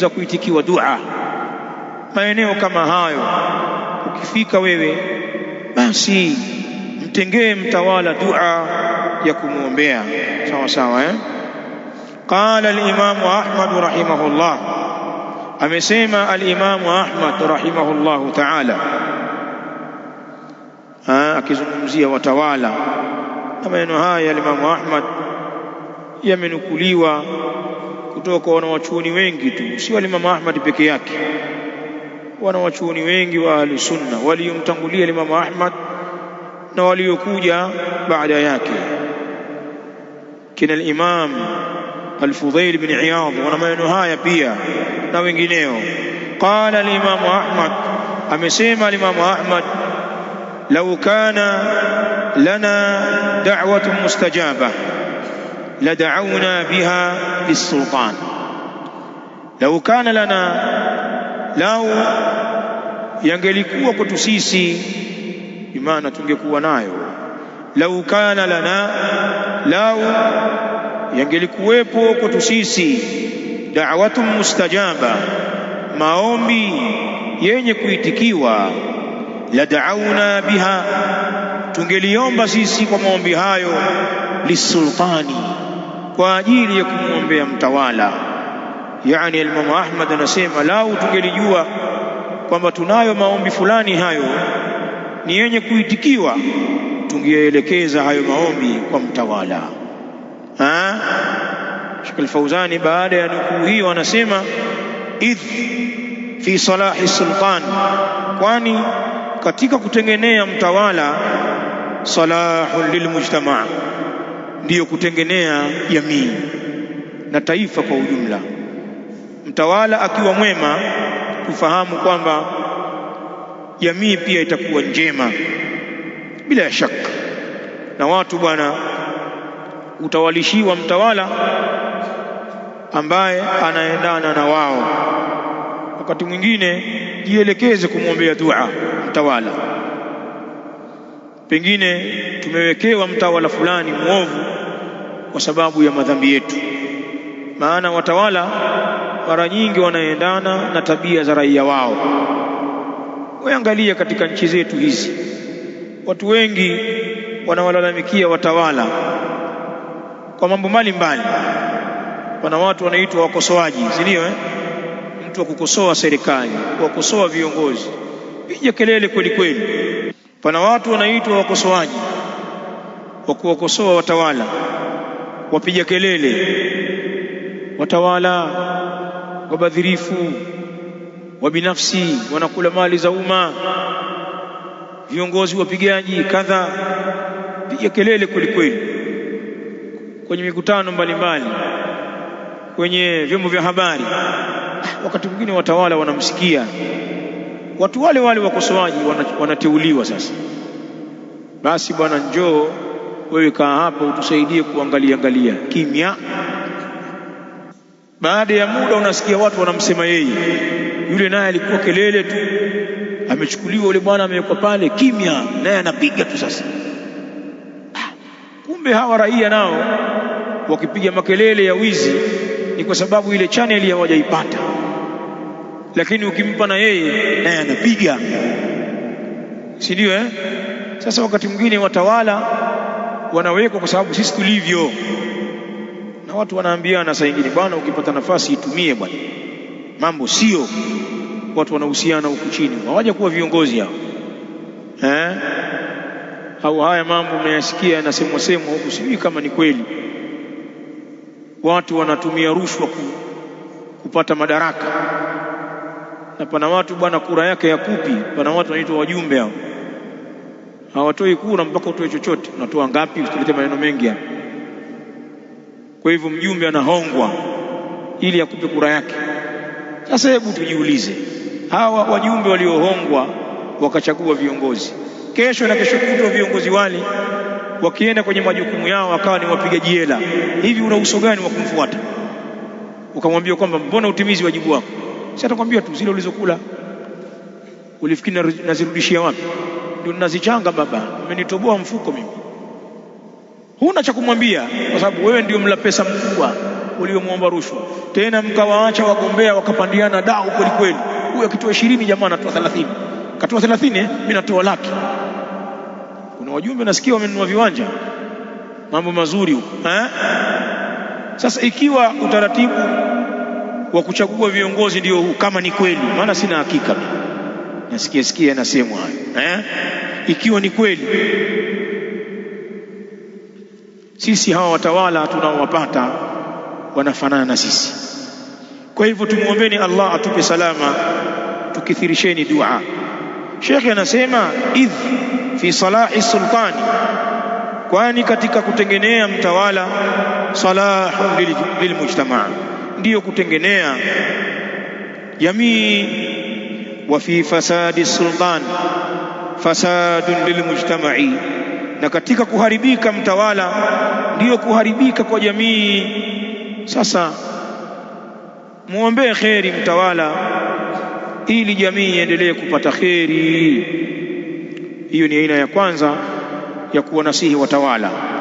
za kuitikiwa dua maeneo kama hayo. Ukifika wewe basi mtengee mtawala dua ya kumwombea sawa sawa, eh? Qala al-Imamu Ahmad rahimahullah, amesema al-Imamu Ahmad rahimahullahu taala akizungumzia watawala, na maneno haya al-Imamu Ahmad yamenukuliwa kutoka wanawachuoni wengi tu, si alimamu Ahmad peke yake. Wanawachuoni wengi wa ahlu sunna waliomtangulia alimamu Ahmad na waliokuja baada yake, kina al-Imam al-Fudhail bin Iyadh wana maneno haya pia na wengineo. Qala al Ahmad, amesema al Ahmad, lau kana lana da'watun mustajaba لدعونا بها للسلطان lau kana lana, lau yangelikuwa kwetu sisi, imana tungekuwa nayo. Lau kana lana, lau yangelikuwepo kwetu sisi, da'watun mustajaba, maombi yenye kuitikiwa, la biha, tungeliomba sisi kwa maombi hayo lisultani kwa ajili ya kumwombea mtawala. Yani Imamu Ahmad anasema lau tungelijua kwamba tunayo maombi fulani, hayo ni yenye kuitikiwa, tungeelekeza hayo maombi kwa mtawala ha? Sheikh Al-Fauzani baada ya nukuu hiyo anasema idh fi salahi sultan, kwani katika kutengenea mtawala salahun lilmujtamaa ndiyo kutengenea jamii na taifa kwa ujumla. Mtawala akiwa mwema, kufahamu kwamba jamii pia itakuwa njema bila ya shaka. Na watu bwana, utawalishiwa mtawala ambaye anaendana na wao. Wakati mwingine jielekeze kumwombea dua mtawala. Pengine tumewekewa mtawala fulani mwovu kwa sababu ya madhambi yetu. Maana watawala mara nyingi wanaendana na tabia za raia wao. weangalia katika nchi zetu hizi, watu wengi wanawalalamikia watawala kwa mambo mbalimbali. Pana watu wanaitwa wakosoaji, si ndio? Eh, mtu wa kukosoa serikali, wakosoa viongozi, piga kelele kweli kweli. Pana watu wanaitwa wakosoaji wa kuwakosoa watawala wapiga kelele, watawala wabadhirifu wa binafsi wanakula mali za umma, viongozi wapigaji kadha, piga kelele kwelikweli kwenye mikutano mbalimbali, kwenye vyombo vya habari. Wakati mwingine watawala wanamsikia, watu wale wale wakosoaji wanateuliwa. Sasa basi, bwana njoo wewe kaa hapa utusaidie kuangalia angalia kimya. Baada ya muda unasikia watu wanamsema yeye, yule naye alikuwa kelele tu, amechukuliwa yule bwana, amewekwa pale kimya, naye anapiga tu. Sasa ah, kumbe hawa raia nao wakipiga makelele ya wizi ni kwa sababu ile chaneli hawajaipata, lakini ukimpa na yeye naye anapiga, si ndio eh? Sasa wakati mwingine watawala wanawekwa kwa sababu sisi tulivyo, na watu wanaambiana saa nyingine, bwana, ukipata nafasi itumie bwana. Mambo sio watu wanahusiana huku chini, hawaja kuwa viongozi hao eh? Au haya mambo mnayasikia yanasemwa semwa huku, sijui kama ni kweli. Watu wanatumia rushwa ku, kupata madaraka, na pana watu bwana, kura yake ya kupi, pana watu wanaitwa wajumbe hao hawatoi kura mpaka utoe chochote. Unatoa ngapi? Usilete maneno mengi hapa. Kwa hivyo mjumbe anahongwa ili akupe kura yake. Sasa hebu tujiulize, hawa wajumbe waliohongwa wakachagua viongozi, kesho na kesho kutwa viongozi wale wakienda kwenye majukumu yao wakawa ni wapigaji hela, hivi una uso gani wa kumfuata ukamwambia kwamba mbona utimizi wajibu wako? Si atakwambia tu zile ulizokula ulifikiri nazirudishia wapi? ndo ninazichanga baba, umenitoboa mfuko mimi. Huna cha kumwambia, kwa sababu wewe ndio mla pesa mkubwa uliomwomba rushwa, tena mkawaacha wagombea wakapandiana dau kweli kweli. Huyu akitoa ishirini, jamaa anatoa thelathini, katoa thelathini, eh? mimi natoa laki. Kuna wajumbe nasikia wamenunua viwanja, mambo mazuri huko eh? Sasa ikiwa utaratibu wa kuchagua viongozi ndio huu, kama ni kweli, maana sina hakika nasikia sikia yanasemwa hayo eh? Ikiwa ni kweli sisi hawa watawala tunaowapata wanafanana na sisi, kwa hivyo tumwombeni Allah atupe salama, tukithirisheni dua. Shekhe anasema idh fi salahi sultani, kwani katika kutengenea mtawala salahu lilmujtamaa, ndiyo kutengenea jamii wa fi fasadi sultan fasadun lilmujtamai, na katika kuharibika mtawala ndiyo kuharibika kwa jamii. Sasa muombee kheri mtawala, ili jamii iendelee kupata kheri. Hiyo ni aina ya kwanza ya kuwanasihi watawala.